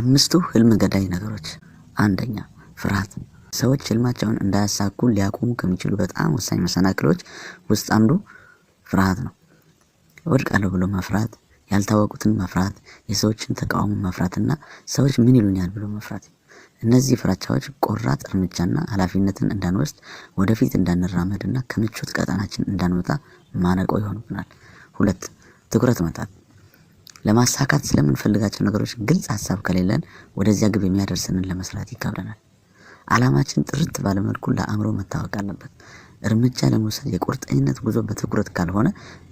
አምስቱ ህልም ገዳይ ነገሮች፣ አንደኛ ፍርሃት። ሰዎች ህልማቸውን እንዳያሳኩ ሊያቆሙ ከሚችሉ በጣም ወሳኝ መሰናክሎች ውስጥ አንዱ ፍርሃት ነው። ወድቃለሁ ብሎ መፍራት፣ ያልታወቁትን መፍራት፣ የሰዎችን ተቃውሞ እና ሰዎች ምን ይሉኛል ብሎ መፍራት። እነዚህ ፍራቻዎች ቆራጥ እርምጃና ኃላፊነትን እንዳንወስድ ወደፊት እና ከምቾት ቀጠናችን እንዳንወጣ ማነቆ ይሆኑብናል። ሁለት ትኩረት መጣት ለማሳካት ስለምንፈልጋቸው ነገሮች ግልጽ ሀሳብ ከሌለን ወደዚያ ግብ የሚያደርስንን ለመስራት ይከብደናል። አላማችን ጥርት ባለመልኩ ለአእምሮ መታወቅ አለበት። እርምጃ ለመውሰድ የቁርጠኝነት ጉዞ በትኩረት ካልሆነ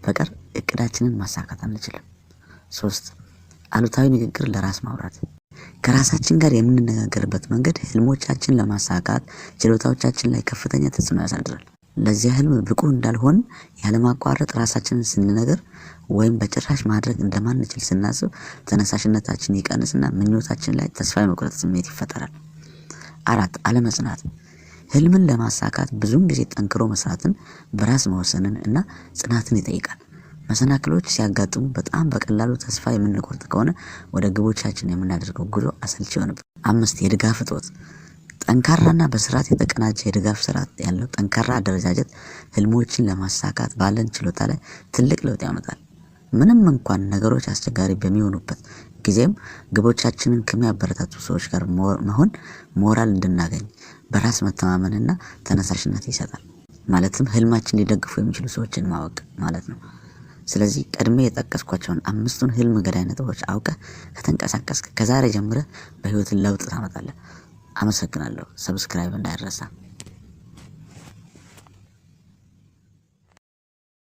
በቀር እቅዳችንን ማሳካት አንችልም። ሶስት አሉታዊ ንግግር ለራስ ማውራት። ከራሳችን ጋር የምንነጋገርበት መንገድ ህልሞቻችን ለማሳካት ችሎታዎቻችን ላይ ከፍተኛ ተጽዕኖ ያሳድራል። ለዚያ ህልም ብቁ እንዳልሆን ያለማቋረጥ ራሳችንን ስንነገር ወይም በጭራሽ ማድረግ እንደማንችል ስናስብ ተነሳሽነታችን ይቀንስና ምኞታችን ላይ ተስፋ የመቁረጥ ስሜት ይፈጠራል። አራት አለመጽናት። ህልምን ለማሳካት ብዙም ጊዜ ጠንክሮ መስራትን፣ በራስ መወሰንን እና ጽናትን ይጠይቃል። መሰናክሎች ሲያጋጥሙ በጣም በቀላሉ ተስፋ የምንቆርጥ ከሆነ ወደ ግቦቻችን የምናደርገው ጉዞ አሰልቺ ይሆንብናል። አምስት የድጋፍ እጦት ጠንካራና በስርዓት የተቀናጀ የድጋፍ ስርዓት ያለው ጠንካራ አደረጃጀት ህልሞችን ለማሳካት ባለን ችሎታ ላይ ትልቅ ለውጥ ያመጣል። ምንም እንኳን ነገሮች አስቸጋሪ በሚሆኑበት ጊዜም ግቦቻችንን ከሚያበረታቱ ሰዎች ጋር መሆን ሞራል እንድናገኝ፣ በራስ መተማመንና ተነሳሽነት ይሰጣል። ማለትም ህልማችን ሊደግፉ የሚችሉ ሰዎችን ማወቅ ማለት ነው። ስለዚህ ቀድሜ የጠቀስኳቸውን አምስቱን ህልም ገዳይ ነጥቦች አውቀ ከተንቀሳቀስክ ከዛሬ ጀምረ በህይወትን ለውጥ ታመጣለህ። አመሰግናለሁ። ሰብስክራይብ እንዳይረሳ።